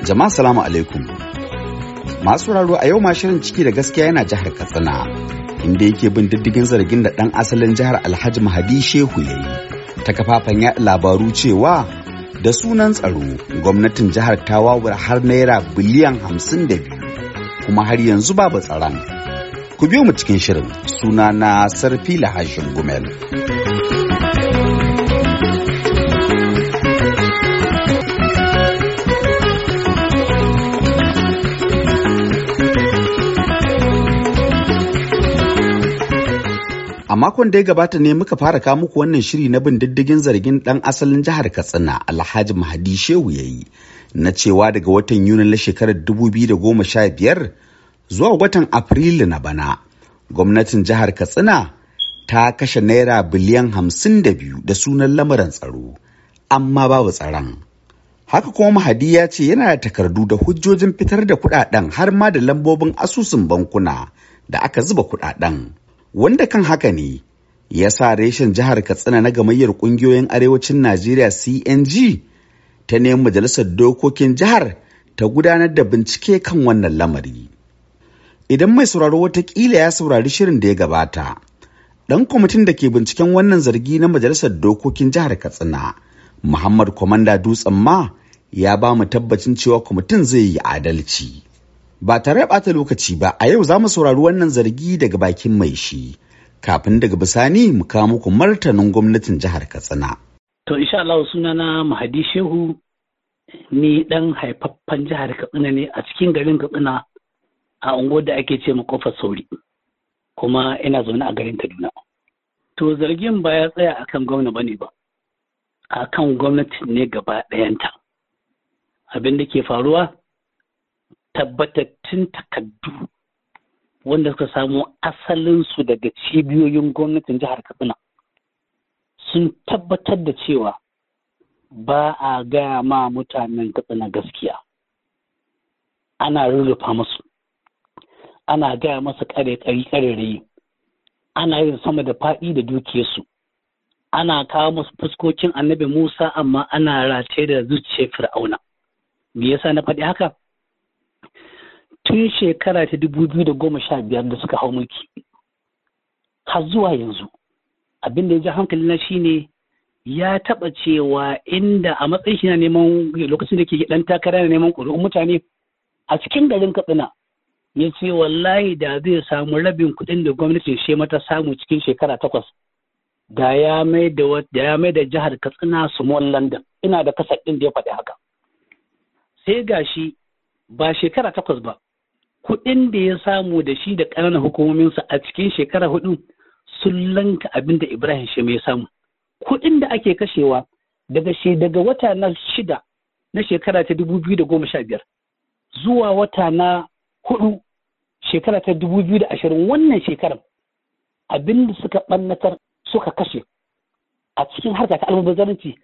Jama'a salamu alaikum. Masu raro a yau ma shirin ciki da gaskiya yana jihar Katsina, inda yake bin diddigin zargin da ɗan asalin jihar Alhaji Mahadi Shehu ya yi ta kafafen yaɗa labaru cewa da sunan tsaro gwamnatin jihar ta wawura har naira biliyan hamsin da biyu kuma har yanzu babu tsaron. Ku biyo mu cikin shirin suna na Sarfi Lahashin Gumel. A makon da ya gabata ne muka fara kawo muku wannan shiri na bin diddigin zargin ɗan asalin jihar Katsina Alhaji Mahadi Shehu ya yi na cewa daga watan Yuni na shekarar 2015 zuwa watan Afrilu na bana, gwamnatin jihar Katsina ta kashe naira biliyan 52 da sunan lamarin tsaro, amma babu tsaron. Haka kuma Mahadi ya ce yana da takardu da hujjojin fitar da kudaden har ma da lambobin asusun bankuna da aka zuba kudaden. Wanda kan haka ne, ya sa reshen jihar Katsina na gamayyar kungiyoyin arewacin Najeriya CNG ta nemi majalisar dokokin jihar ta gudanar da bincike kan wannan lamari idan mai sauraro watakila ya saurari shirin da ya gabata ɗan kwamitin da ke binciken wannan zargi na majalisar dokokin jihar katsina muhammad kwamanda dutsen ma ya ba mu tabbacin cewa kwamitin zai yi adalci ba tare ɓata lokaci ba a yau za mu saurari wannan zargi daga bakin mai shi kafin daga bisani mu kawo muku martanin gwamnatin jihar katsina To insha Allah na Mahadi Shehu ni dan haifaffen jihar Katsina ne a cikin garin Katsina a unguwar da ake ce kofar sauri kuma ina zaune a garin Kaduna. To zargin ba ya tsaya akan gwamna ba ne ba, akan gwamnati ne gaba ɗayanta. Abin da ke faruwa tabbatattun takaddu wanda suka samu asalinsu daga cibiyoyin gwamnatin jihar Katsina. sun tabbatar da cewa ba a gaya ma mutanen na gaskiya ana rurrufa musu ana gaya masa kare-kare ana yin sama da faɗi da dukiyarsu ana kawo musu fuskokin annabi musa amma ana race da zuciyar fir'auna me yasa na faɗi haka tun shekara ta dubu biyu da goma sha biyar da suka hau mulki har zuwa yanzu abin da ya ji hankali na shine ya taɓa cewa inda a matsayin shi na neman lokacin da ke dan takara na neman ƙuri'un mutane a cikin garin katsina ya ce wallahi da zai samu rabin kuɗin da gwamnatin shi mata samu cikin shekara takwas da ya mai da ya mai da jihar katsina small london ina da kasar ɗin da ya faɗi haka sai gashi ba shekara takwas ba kuɗin da ya samu da shi da ƙananan hukumominsa a cikin shekara hudu sun lanka abin da Ibrahim Shem ya samu. Kuɗin da ake kashewa daga shi daga wata na shida na shekara ta dubu biyu da goma sha biyar zuwa wata na hudu shekara ta dubu biyu da ashirin wannan shekarar abin da suka ɓannatar suka kashe a cikin harka ta almubazzaranci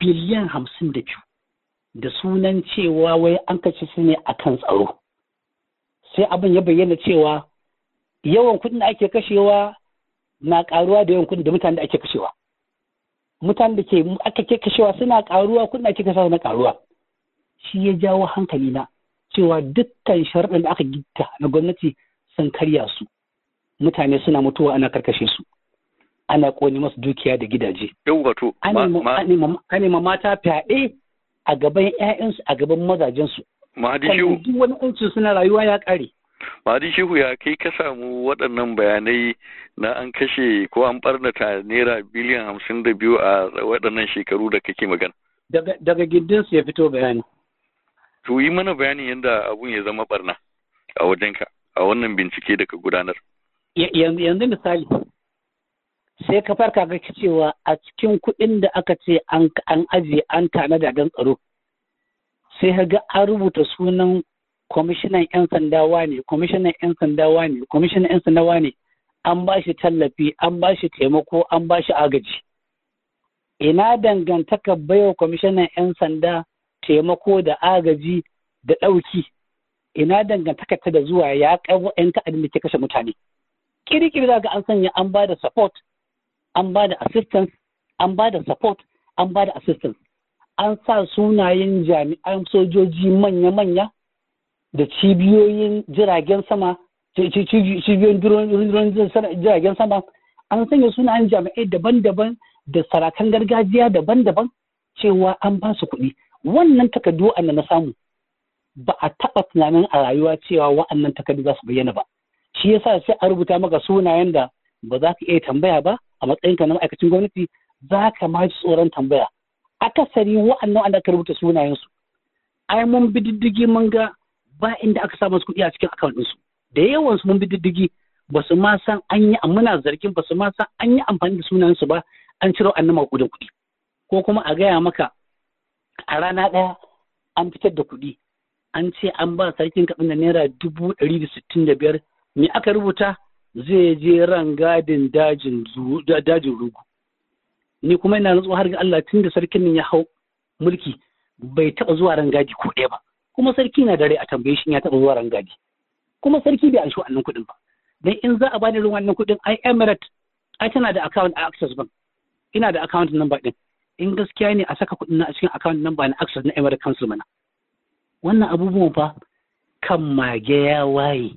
biliyan hamsin da biyu da sunan cewa wai an kashe su ne a kan tsaro sai abin ya bayyana cewa yawan kuɗin da ake kashewa na karuwa da yawan da mutanen da ake kashewa mutanen da ke aka ke kashewa suna karuwa kuɗin da ake kashewa na karuwa shi ya jawo hankali na cewa dukkan sharaɗin da aka gita na gwamnati sun karya su mutane suna mutuwa ana karkashe su ana ƙone masu dukiya da gidaje ma mata fyaɗe a gaban 'ya'yansu a gaban mazajensu duk wani suna rayuwa ya ƙare Mahadi Shehu ya kai ka samu waɗannan bayanai na an kashe ko an ɓarnata naira biliyan hamsin da biyu a waɗannan shekaru da kake magana. Daga su ya fito bayani. To yi mana bayanin yadda abun ya zama ɓarna a wajenka a wannan bincike da ka gudanar. Yanzu misali sai ka farka ga cewa a cikin kuɗin da aka ce an ajiye an tanada don tsaro sai ka ga an rubuta sunan kwamishinan 'yan sanda wane kwamishinan 'yan sanda wane kwamishinan 'yan sanda wane an ba shi tallafi an ba shi taimako an ba shi agaji ina dangantaka baiwa kwamishinan 'yan sanda taimako da agaji da ɗauki ina dangantaka ta da zuwa ya kai yan ta'adin da ke kashe mutane kirikiri za ga an sanya an ba da support an ba da assistance an ba da support an ba da assistance an sa sunayen jami'an sojoji manya-manya da cibiyoyin jiragen sama cibiyoyin jiragen sama an sanya sunayen jami'ai daban-daban da sarakan gargajiya daban-daban cewa an ba su kuɗi wannan takardu wa'annan na samu ba a taɓa tunanin a rayuwa cewa wa'annan takardu za su bayyana ba shi yasa sai a rubuta maka sunayen da ba za ka iya tambaya ba a matsayinka na ma'aikacin gwamnati za ka ma ji tsoron tambaya akasari wa'annan wa'anda ka rubuta sunayensu ai mun bi diddigi mun ga ba inda aka samu kuɗi a cikin akawun ɗinsu da yawan su mun bi diddigi ba su ma san an yi muna zargin ba su ma san an yi amfani da sunansu ba an ciro nama kuɗin kuɗi ko kuma a gaya maka a rana ɗaya an fitar da kuɗi an ce an ba sarkin kaɗan da naira dubu ɗari da sittin da biyar me aka rubuta zai je ran gadin dajin rugu ni kuma ina rantsuwa har ga Allah tun da sarkin ya hau mulki bai taɓa zuwa ran gadi ko ɗaya ba kuma sarki na dare a tambaye shi ya taɓa zuwa rangadi kuma sarki bai an shi wannan kuɗin ba dan in za a bani irin wannan kuɗin ai emirate ai tana da account a access bank ina da account number din in gaskiya ne a saka kuɗin na a cikin account number na access na emirate council mana wannan abubuwan fa kan mage ya waye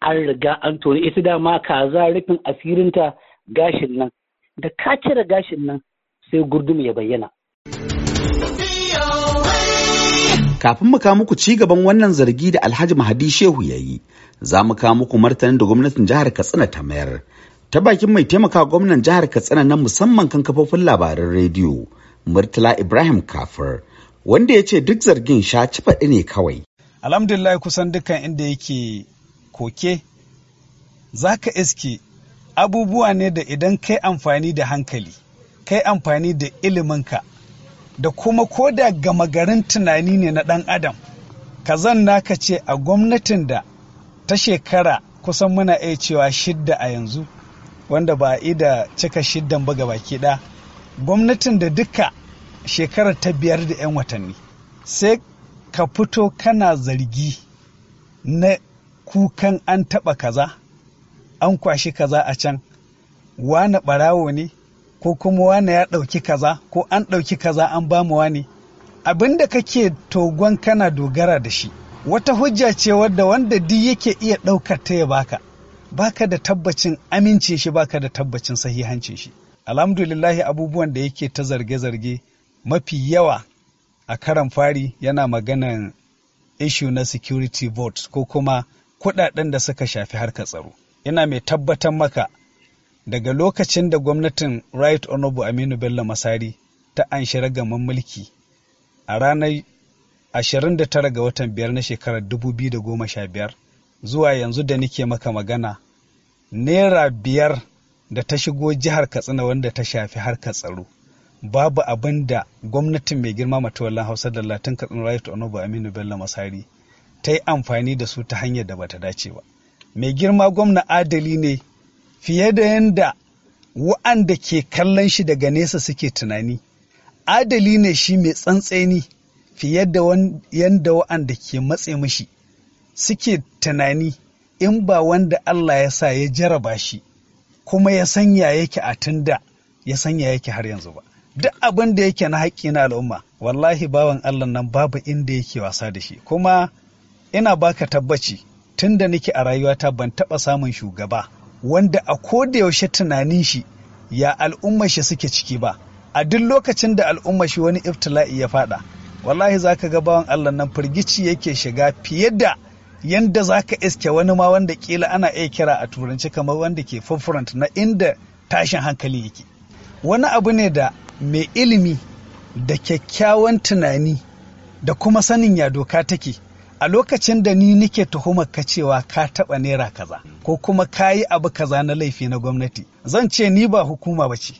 an riga an tori ita dama kaza rufin asirinta gashin nan da ka cire gashin nan sai gurdum ya bayyana Kafin mu kawo muku cigaban wannan zargi da Alhaji Mahadi Shehu ya yi, za mu kawo muku martanin da gwamnatin jihar Katsina ta mayar. Ta bakin mai taimaka gwamnan jihar Katsina na musamman kan kafofin labaran rediyo, Murtala Ibrahim Kafir, wanda ya ce duk zargin sha ci faɗi ne kawai. Alhamdulillah kusan dukkan inda yake koke, za ka iske abubuwa ne da idan kai amfani da hankali, kai amfani da iliminka, da kuma ko da gama garin tunani ne na ɗan adam kazan naka ce a gwamnatin da ta shekara kusan muna iya cewa shidda a yanzu wanda ba a cika shiddan ba ga baki ɗaya gwamnatin da duka shekarar ta biyar da 'yan watanni sai ka fito kana zargi na kukan an taɓa kaza an kwashi kaza a can wane ɓarawo ne ko kuma wani ya ɗauki kaza ko an ɗauki kaza an ba mu wani abin da kake togon kana dogara da shi wata hujja ce wadda wanda duk yake iya ɗaukar ta ya baka baka da tabbacin amincin shi baka da tabbacin sahihancin shi alhamdulillahi abubuwan da yake ta zarge-zarge mafi yawa a karan fari yana maganan ishu na security vote ko kuma kuɗaɗen da suka shafi harkar tsaro Ina mai tabbatar maka Daga lokacin da gwamnatin Right Honorable Aminu Bello Masari ta anshi ragaman mulki a ranar 29 ga watan biyar na shekarar 2015 zuwa yanzu da nike maka magana naira biyar da ta shigo jihar katsina wanda ta shafi harkar tsaro babu abin da gwamnatin mai girma matawallan hausa da latin katsina right honorable aminu bello masari ta yi amfani da su ta hanyar da bata dace ba mai girma gwamna adali ne fiye da yadda wa'anda ke kallon shi daga nesa suke tunani adali ne shi mai tsantseni fiye da yadda wa'anda ke matse mashi suke tunani in ba wanda Allah ya sa ya jaraba shi kuma ya sanya yake a tunda ya sanya yake har yanzu ba duk abin da yake na haƙƙi na al'umma wallahi bawan Allah nan babu inda yake wasa da shi kuma ina baka tabbaci tunda nake a rayuwata ban taɓa samun shugaba wanda a ko da yaushe tunanin shi ya al'ummar shi suke ciki ba a duk lokacin da al'ummar shi wani iftila'i ya fada wallahi zaka ga bawan Allah nan firgici yake shiga fiye da yanda ka iske wani ma wanda kila ana iya kira a turanci kamar wanda ke fufurant na inda tashin hankali yake wani abu ne da mai ilimi da kyakkyawan tunani da kuma sanin ya doka take a lokacin da ni nike tuhumar ka cewa ka taɓa naira kaza ko kuma ka yi abu kaza na laifi na gwamnati zan ce ni ba hukuma ba ce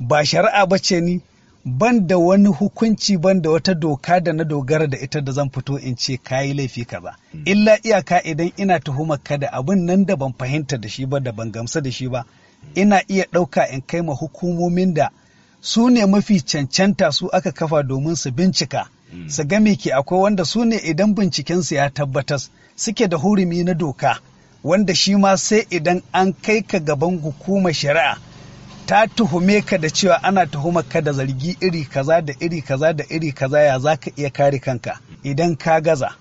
ba shari'a ba ce ni ban da wani hukunci ban da wata doka da na dogara da ita da zan fito in ce ka yi laifi kaza hmm. illa iyaka idan ina tuhumar ka da abin nan da ban fahimta da shi ba da ban gamsa da shi ba ina iya ɗauka in kai ma hukumomin da su ne mafi cancanta su aka kafa domin su bincika Mm. su ga ke akwai wanda su ne idan bincikensu ya tabbatas suke da hurumi na doka wanda shi ma sai idan an kai ka gaban hukumar shari'a ta tuhume ka da cewa ana tuhumar ka da zargi iri kaza da iri kaza da iri kaza ya za ka iya kare kanka idan ka gaza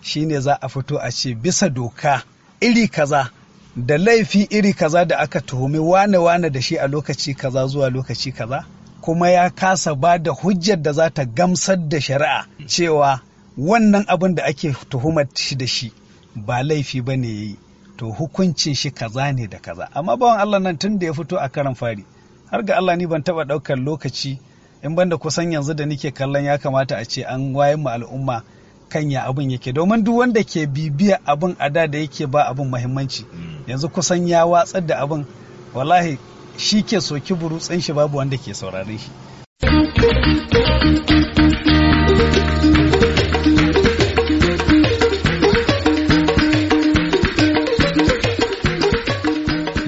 shi ne za a fito a ce bisa doka iri kaza da laifi iri kaza da aka tuhumi wane wane da shi a lokaci kaza zuwa lokaci kaza kuma ya kasa ba da hujjar da za ta gamsar da shari'a cewa wannan abin da ake tuhumar shi da shi ba laifi ba ne ya yi to hukuncin shi kaza ne da kaza amma bawan Allah nan tun da ya fito a karan fari har ga Allah ni ban taba daukar lokaci in banda kusan yanzu da nike kallon ya kamata a ce an wayan mu al'umma kan ya abin yake domin duk wanda ke bibiya abin a da da yake ba abin muhimmanci mm. yanzu kusan ya watsar da abin wallahi shi ke soki burutsen shi babu wanda ke saurare shi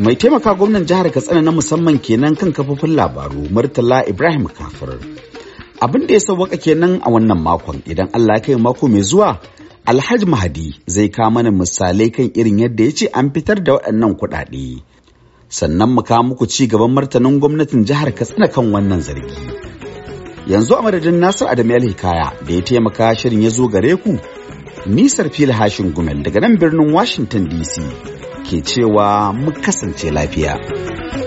mai taimaka gwamnan jihar katsina na musamman kenan kan kafofin labaru murtala ibrahim kafir abin da ya sauwaka kenan a wannan makon idan allah kai mako mai zuwa alhaji mahadi zai kawo mana misalai kan irin yadda ya ce an fitar da waɗannan kuɗaɗe sannan mu kawo muku ci gaban martanin gwamnatin jihar katsina kan wannan zargi yanzu a madadin nasir adam hikaya da ya taimaka shirin ya zo gare ku nisar fili hashin gumel daga nan birnin washington dc ke cewa mu kasance lafiya.